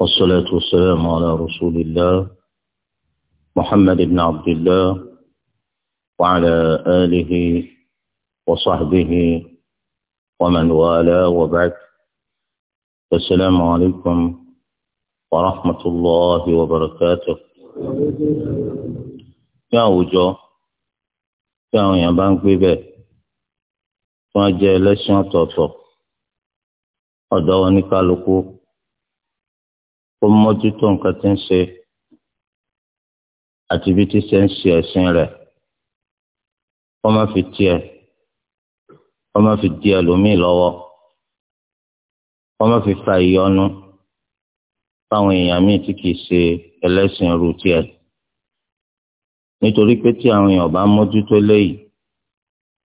والصلاة والسلام على رسول الله محمد بن عبد الله وعلى آله وصحبه ومن والاه وبعد السلام عليكم ورحمة الله وبركاته يا àwùjọ يا يا èèyàn bá ń gbé bẹ́ẹ̀ tí wọ́n jẹ́ ẹlẹ́sìn ó mójútó nǹkan tí ń ṣe àti bí tí ṣe ń ṣe ẹ̀sìn rẹ̀ ó má fi tiẹ̀ ó má fi di ẹlòmíì lọ́wọ́ ó má fi fa ìyọnu fáwọn èèyàn míì tí kìí ṣe ẹlẹ́sìn irú tiẹ̀ nítorí pé tí àwọn èèyàn bá mójútó léyìí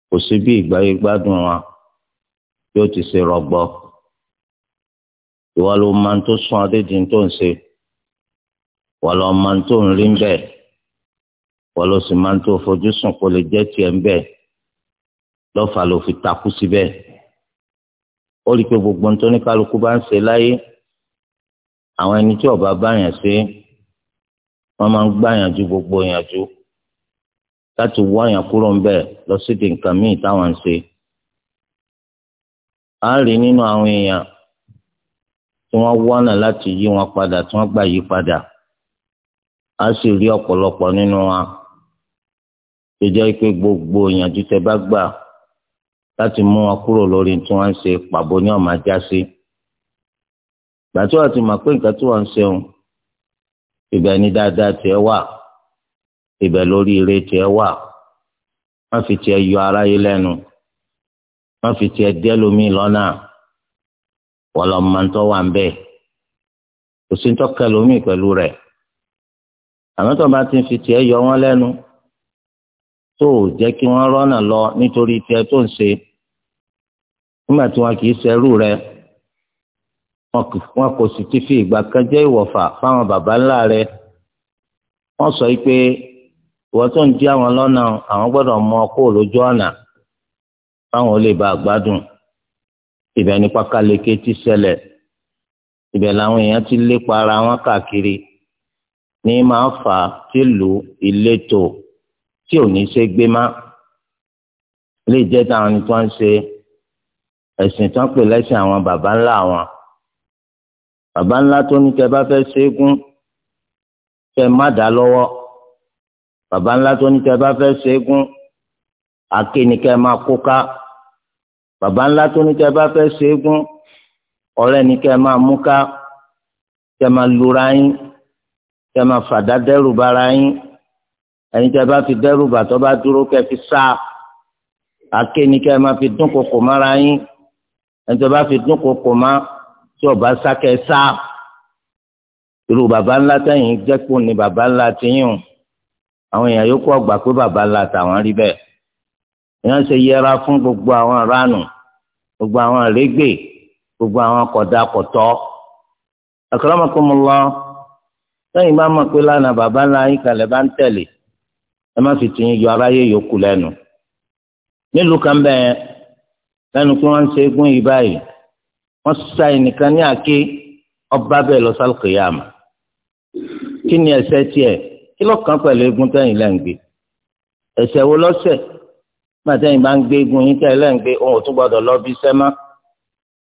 kò sí bí ìgbáyé gbádùn wa yóò ti ṣe rọgbọ ìwọ ló máa ń tó sún adédìní tó ń ṣe wọ́n lọ máa ń tó ń rí ń bẹ̀ wọ́n lọ sì máa ń tó fojú sùn kó lè jẹ́ tiẹ̀ ń bẹ̀ lọ́fà ló fi takú síbẹ̀ ó rí i pé gbogbo ohun kálukú bá ń ṣe láyé àwọn ẹni tí ọba báyàn ṣe wọ́n máa ń gbàyànjú gbogbo ìyànjú láti wọ́ àyàn kúrò ń bẹ̀ lọ sídìí nǹkan míì táwọn ń ṣe. a rí nínú àwọn èèyàn tí wọ́n wọ́nà láti yí wọn padà tí wọ́n gbà yí padà á sì rí ọ̀pọ̀lọpọ̀ nínú wa tó jẹ́ pé gbogbo ìyànjú tẹ́ bá gbà láti mú wọn kúrò lórí tí wọ́n ń ṣe pàbó ní ọ̀ma já sí. ìgbà tí wọ́n ti mọ̀ pé nǹkan tí wọ́n ń ṣeun ibẹ̀ ni dáadáa tiẹ̀ wà ibẹ̀ lórí ire tiẹ̀ wà wọ́n fi tiẹ̀ yọ aráyé lẹ́nu wọ́n fi tiẹ̀ dẹ́lómi lọ́nà wọ́n lọ máa ń tọ́ wà ń bẹ́ẹ̀ kò sí ń tọ́kẹ́ lómi pẹ̀lú rẹ̀ àmọ́ tó bá ti fi tiẹ̀ yọ wọ́n lẹ́nu tó o jẹ́ kí wọ́n rọ́nà lọ nítorí tiẹ̀ tó ń ṣe nígbà tí wọn kì í ṣerú rẹ̀ wọn kò sì ti fi ìgbà kan jẹ́ ìwọ̀fà fáwọn baba ńlá rẹ̀ wọ́n sọ pé ìwọ tó ń di àwọn lọ́nà àwọn gbọ́dọ̀ mọ ọkọ̀ lójú ọ̀nà fáwọn ò bá gbádùn ibẹ̀ ní pákáleke ti ṣẹlẹ̀ ibẹ̀ làwọn èèyàn ti lépa ara wọn káàkiri ní máa fà á tí lu ìletò tí ò ní ṣe gbé má lè jẹ́ táwọn ni tí wọ́n ń ṣe ẹ̀sìn tí wọ́n pè lẹ́sìn àwọn baba ńlá wọn baba ńlá tó ní kẹ bá fẹ́ ṣẹ́gun kẹ má dá lọ́wọ́ baba ńlá tó ní kẹ bá fẹ́ ṣẹ́gun àké ni kẹ máa kó ká bàbá ńlá tó ní kẹ́ bá fẹ́ ṣẹ́gun ọ̀rẹ́ ni kẹ́ máa mú ká kẹ́ máa lura yín kẹ́ máa fàdá dẹ́rù bara yín ẹ̀yin tẹ́ bá fi dẹ́rù bà tó bá dúró kẹ́ fi sá àké ni kẹ́ máa fi dún kòkò mára yín ẹ̀yin tẹ́ bá fi dún kòkò má tí ọba sá kẹ́ sá irú bàbá ńlá tẹ̀yìn jẹ́kù ni bàbá ńlá tiyín o àwọn èèyàn yòókù ọgbà pé bàbá ńlá tàwọn rí bẹ́ẹ̀ èèyàn ṣe yẹra fún gbogbo àwọn ránù gbogbo àwọn rẹgbẹ gbogbo àwọn kọdà kọtọ akramakumullah lẹ́yìn bá mọ̀ pé lánàá bàbá ńlá yín kalẹ̀ bá ń tẹ̀lé ẹ má fi tìyín yọ aráyé yòókù lẹ́nu nílùú kan bẹ́ẹ̀ lẹ́nu pé wọ́n ń ṣe eégún yìí báyìí wọ́n sa ẹnìkan ní àké ọba bẹ́ẹ̀ lọ sálùkìyàmù kí ni ẹ̀ṣẹ̀ tiẹ̀ kí ló pẹ̀lú eégún tẹ̀yìn lẹ́ǹgbẹ́ ẹ̀ṣẹ̀ wo lọ́sẹ̀ gbàtẹ́yìn bá ń gbé egun yín tẹ́lẹ̀ ń gbé ohun ò tún gbọ́dọ̀ lọ bí sẹ́má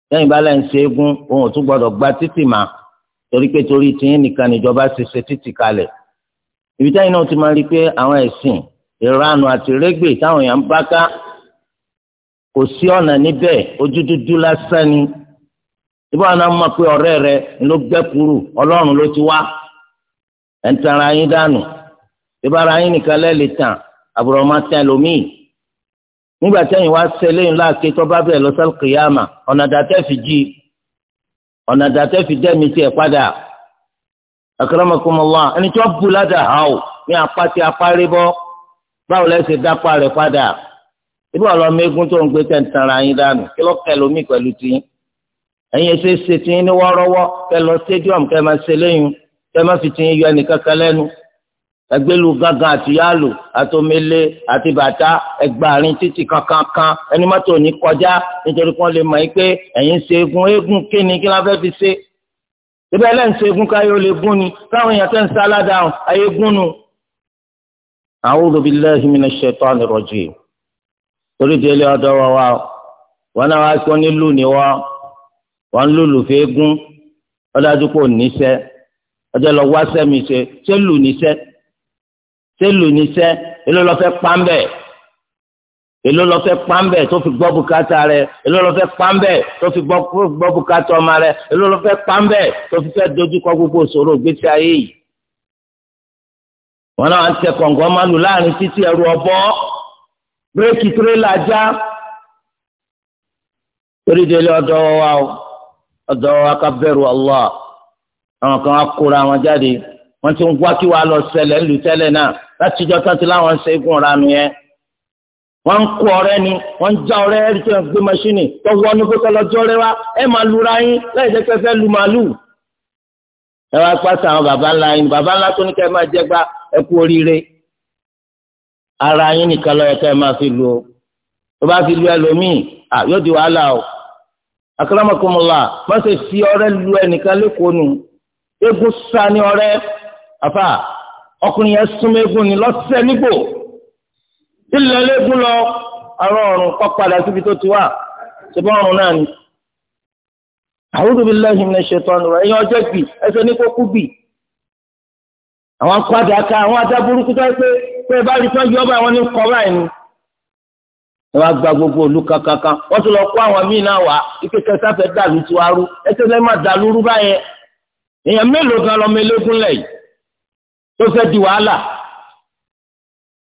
tẹ́yìn bá lẹ́yìn ṣe egun ohun ò tún gbọ́dọ̀ gba títì mà torí pé torí tiyín nìkan níjọba ṣe ṣe títì kalẹ̀ ibi tẹ́yìn náà ti máa rí i pé àwọn ẹ̀sìn ìranù àti rẹ́gbè táwọn èèyàn ń bá ká kò sí ọ̀nà níbẹ̀ ojú dúdú lásán ni ìbá wọn máa pe ọ̀rẹ́ rẹ ló gbẹ́ ọlọ́run ló ti wá ẹ̀ ń tara yín dànù ìbára yín nìkan lẹ́ẹ̀lì tàn àbúrò ọmọ tẹ́ lómìn nígbà tẹ́yìn wá sẹ́lẹ̀ ńlá ké tó bá bẹ̀ lọ́sẹ̀ kìyàmà ọ̀nà dàtẹ́ fi jí ọ̀nà dàtẹ́ fi dẹ́mi tiẹ̀ padà akramakumullah ẹni tí wọ́n bu ládà hàn ó ní apáti apárí bọ́ báwo lẹ́ ṣe dápá rẹ̀ padà ibi ọ̀lọ́ mẹ́gun tó ń gbé tẹ̀ntẹ̀ra yín dànù kí ló kẹlò mí pẹ̀lú tiyín ẹ̀yin ẹ̀ṣẹ̀ ṣe tiyín ní wọ́ọ́rọ́wọ́ kẹ stadium kẹ ẹgbẹ́lu gángan àti yálò àtòmélé àti bàtà ẹgbàárín títì kankankan ẹni mọ́tò ní kọjá nítorí kí wọ́n lè mọ̀ pé ẹ̀yin ṣe egun eégún kíni kí wọ́n fẹ́ fi ṣe. ibẹ̀ lẹ́yìn ṣe egun káyọ̀ lè gún ni káwọn èèyàn tẹ́ ń sáládà ayé gún nu. A'udhu billahi minash shaitani rajim. torí délé ọ̀dọ̀ wa wa wọn náà wá sọ nílùú ni wọn wọn lùlù fẹ́ gún ọdájú kò níṣẹ́ ọjọ́ lọ wá sẹ́mi ṣe ṣé lù níṣẹ́ ṣé lò ní sẹ́ èló lọ fẹ́ pàmbẹ́ èló lọ fẹ́ pàmbẹ́ tó fi gbọ́ bùkátà rẹ èló lọ fẹ́ pàmbẹ́ tó fi gbọ́ bùkátà ọmọ rẹ èló lọ fẹ́ pàmbẹ́ tó fi fẹ́ dojúkọ gbogbo òṣòro ìgbésí ayé yìí. wọn náà ń tẹ kọ̀ǹgọ́ máa lù láàrin títí ẹrù ọ̀bọ bírèkì tirẹ́là já torí délé ọ̀dọ̀ wa ọ̀dọ̀ wa ká bẹ̀rù Allah àwọn kan á kóra wọn jáde wọ́n ti ń wá kí wàá lọ ṣẹlẹ̀ ńlù tẹ́lẹ̀ náà látijọ́ tán ti láwọn ṣe é gùn mi yẹn wọ́n ń kó ọ̀rẹ́ ni wọ́n ń já ọ̀rẹ́ ẹrí tó ń gbé mọṣíìnì tó wọ ọdún pé kọlọjọ rẹ wá ẹ máa lura yín láì jẹ́ pé fẹ́ lu màálùú. ẹ wá pàṣẹ àwọn baba ńlá yín baba ńlá tó ní kẹ́ máa jẹ gba ẹ oríire ara yín nìkan lọ yẹ kẹ́ máa fi lu o tó bá fi lu ẹlòmíì à yóò di wàhálà o akọlọmọkùnmọlá má ṣe fi ọ̀rẹ́ lu ẹnìkan lẹ́kọ̀ọ́ nù egun ọ̀rẹ́ àfà ọkùnrin yẹn súnmọ́ egun ni lọ́sẹ̀ nígbò ilẹ̀ lẹ́gùn lọ àrọ ọ̀run kọ́ padà síbi tó ti wà ṣùgbọ́n ọ̀run náà ni. A'udhu billahi minash shaitani rajim ẹ̀yin ọjọ́ gbì ẹsẹ̀ ní kókú gbì. àwọn akpadà ká àwọn adá burúkú tó pé pé bá rí sọ́jú ọba àwọn ní kọ́ báyìí ni. ẹ wá gba gbogbo òlu kankankan wọ́n ti lọ kó àwọn míì náà wá ike kẹta fẹ́ dàlú tiwaru ẹsẹ̀ lẹ́ẹ̀ má dàlú rú èèyàn mélòó kan lọ́mọ eléégún lẹ̀ yìí ló fẹ́ di wàhálà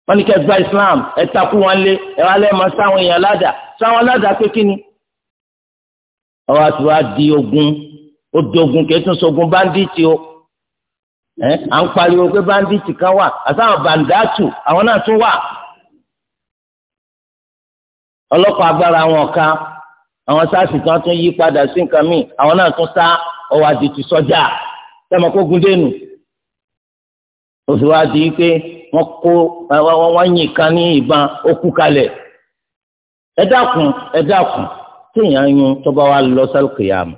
wọ́n ní kẹ́ gba islam ẹ takú wọn lé ẹ wá lẹ́ẹ̀mọ sáwọn èèyàn ládà sáwọn ládà pé kí ni. ọwọ́ àti wá di ogun ó di ogun kì í tún sogun báńdíìtì o ẹ à ń pariwo pé báńdíìtì kan wà àtàwọn bàǹdàtù àwọn náà tún wà. ọlọ́pàá agbára wọn kan àwọn sáàsì kan tún yí padà sí nǹkan míì àwọn náà tún sá ọwọ́ àti ti sọ́jà sẹ́mi kó gúndé nù oṣù wa di pé wọ́n kó wọ́n yìn kan ní ìbọn ó kú kalẹ̀ ẹ dákun ẹ dákun téèyàn yún tó bá wa lọ sálùkìyàmù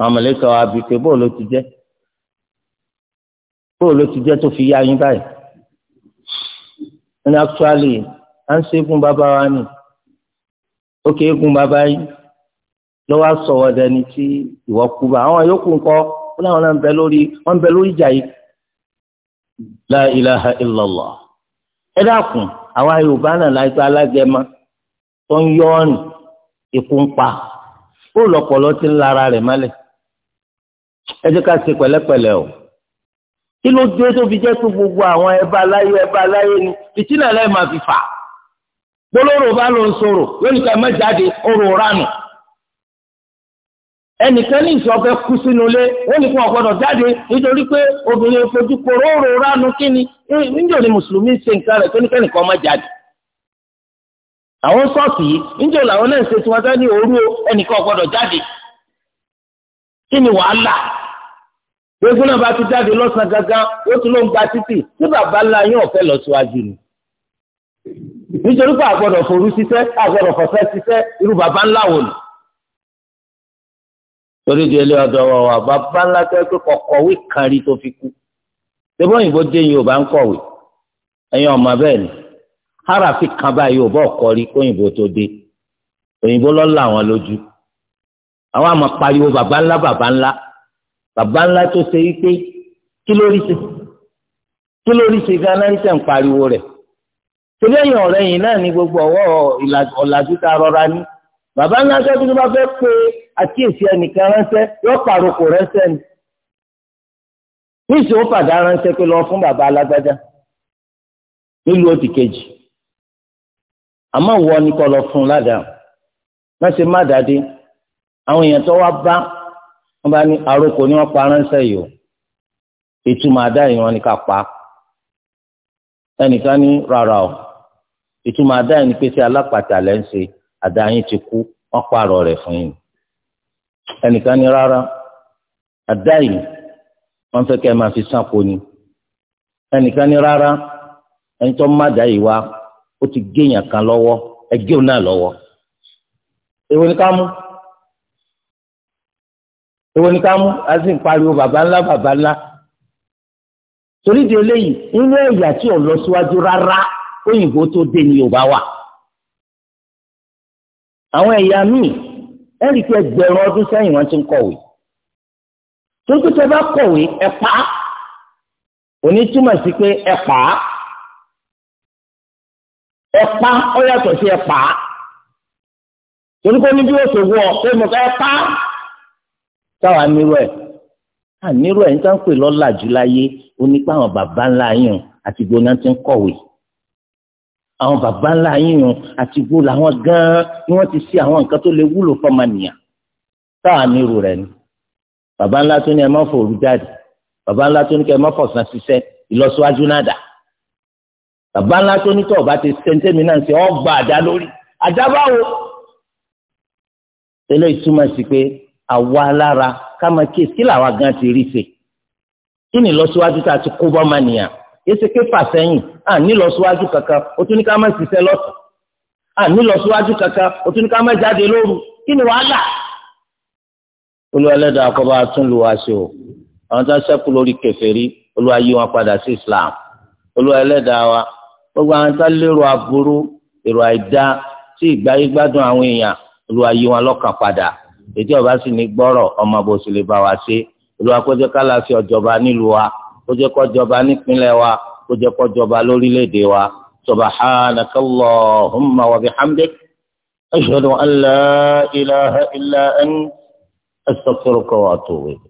àwọn mọ̀lẹ́kà wa bi pé bóòlù ti jẹ́ ti jẹ́ tó fi yá yín báyìí ní actually à ń ṣẹ́gun bàbá wa ni ó kì í gun bàbá yín lọ́wọ́ sọ̀wọ́ dẹni tí ìwọ́ kú bá àwọn yòókù ńkọ́ ó láwọn náà ń bẹ lórí wọ́n ń bẹ lórí ìjà yìí. la ilaha illallah ẹ dákun àwa yorùbá náà la gbé alágẹmọ tó ń yọ ọrùn ikú ń pa ó lọ́pọlọ ti ń lara rẹ̀ mọ́lẹ̀ ẹ jẹ́ ká ṣe pẹ̀lẹ́pẹ̀lẹ́ o kí ló dé tó fi jẹ́ tó gbogbo àwọn ẹba aláyé ẹba aláyé ni máa fi fà gbólóró bá ló ń ká má jáde ó rò ẹnìkan ní ìṣọ́ fẹ́ kú sínú ilé wọ́n ní kó ọ̀gbọ́dọ̀ jáde nítorí pé obìnrin fojú koróró ránu kíni ni mùsùlùmí ṣe nǹkan rẹ̀ tó ní kẹ́nìkan jáde. àwọn sọ́ọ̀sì yìí làwọn náà tí wọ́n ẹnìkan jáde. kí wàhálà gbogbo náà ti jáde lọ́sàn gangan ó tún ló ń gba títì tí bàbá ńlá yóò fẹ́ lọ síwájú ni. nítorí pé àgbọ̀dọ̀ forú ṣiṣẹ́ torí di ẹlẹ́yà ọ̀dọ̀ wa wà bàbá ńlá tó pé kọ̀kọ̀wé kan rí tó fi kú ṣébí òyìnbó dé yorùbá ń kọ̀wé ẹ̀yin ọ̀ma bẹ́ẹ̀ ni harafi kan báyìí yorùbá ọ̀kọ́ rí kóyìnbó tó dé òyìnbó lọ́ là wọn lójú àwọn àmọ́ pariwo bàbá ńlá bàbá ńlá bàbá ńlá tó ṣe wípé kí ló rí ṣe kí ló rí ṣe ganan ṣe ń pariwo rẹ̀ torí ẹ̀yìn ọ̀rẹ́ náà ní gbogbo ọwọ́ àkíyèsí ẹnìkan ránṣẹ́ yóò pàrokò ránṣẹ́ ni níṣẹ́ ó fàdá ránṣẹ́ pé lọ fún bàbá alágbájá nílùú òdì kejì àmọ́ wọ ni kò lọ fún ládàá má ṣe má dàdé àwọn èèyàn tó wá bá wọn bá ní àrokò ni wọn pa ránṣẹ́ yìí o ìtumọ̀ àdáyìn wọn ni ká pa ẹnìkan ní rárá o ìtumọ̀ àdáyìn ni pé ṣé alápàtà lẹ́ ń ṣe àdáyìn ti kú wọn pààrọ̀ rẹ̀ fún yìí ẹnìkan ní rárá àdá yìí wọ́n fẹ́ kẹ́ máa fi sáko ni ẹnìkan ní rárá ẹni tó má dá yìí wá ó ti géèyàn kan lọ́wọ́ ẹgbẹ́ òun náà lọ́wọ́ èwo ni ká mú èwo ni ká mú a sì bàbá ńlá bàbá ńlá torí di eléyìí nínú ẹ̀yà tí ò lọ síwájú rárá òyìnbó tó dé ni Yorùbá wà àwọn ẹ̀yà míì ẹnì kí ẹgbẹ̀rún ọdún sẹ́yìn wọ́n ti ń kọ̀wé tuntun tó bá kọ̀wé ẹ pa á òní túmọ̀ sí pé ẹ pa á pa ó yàtọ̀ sí ẹ pa á torí pé níbi oṣù wọ pé mo fẹ́ pa á táwa nírú ẹ̀ ànírú ẹ̀ ń tán pè lọ́làjú láyé onípa àwọn bàbá ńlá yìí àti gbóná ti ń kọ̀wé àwọn baba ńlá yín yun àti gbó làwọn gan-an ni wọ́n ti ṣe àwọn nǹkan tó lè wúlò fọmọnìyàn táwa ní irú rẹ̀ ni baba ńlá tó ní ẹ má fòrú jáde baba ńlá tó ní kẹ má fọ̀sán ṣiṣẹ́ ìlọsíwájú náà dà baba ńlá tó ní tọ́ọ̀bá ti sẹ́ńtẹ́mì náà ṣe ọgbà àdá lórí àdá báwo. eléyìí túmọ̀ sí pé àwa lára ká máa kí kí làwa gan ti rí ṣe kí ni ìlọsíwájú tá a ti kó bọ́ mọ́nìyàn yé ṣe ké fà sẹ́yìn à nílọsíwájú kankan o tún ní ká má ṣiṣẹ́ lọ́sàn à nílọsíwájú kankan o tún ní ká má jáde lóru kí ni wàhálà. olúwa ẹlẹ́dàá akọ́bá tún lu wa ṣe o àwọn tó ń ṣẹ́kù lórí kèfèrí olúwa yí wọn padà sí Islam olúwa ẹlẹ́dàá wa gbogbo àwọn tó lérò aburú èrò àìdá tí ìgbáyé gbádùn àwọn èèyàn olúwa yí wọn lọ́kàn padà ètí ọba sì ní gbọ́rọ̀ ọmọ bó sì lè bá wa ṣe olúwa kó jẹ́ ká láti nílùú wa kó jẹ́ nípínlẹ̀ wa kó jẹ́ kó jọba lórílẹ̀‐èdè wa subhanakallahumma wa bihamdik ashhadu an la ilaha illa ant astaghfiruka wa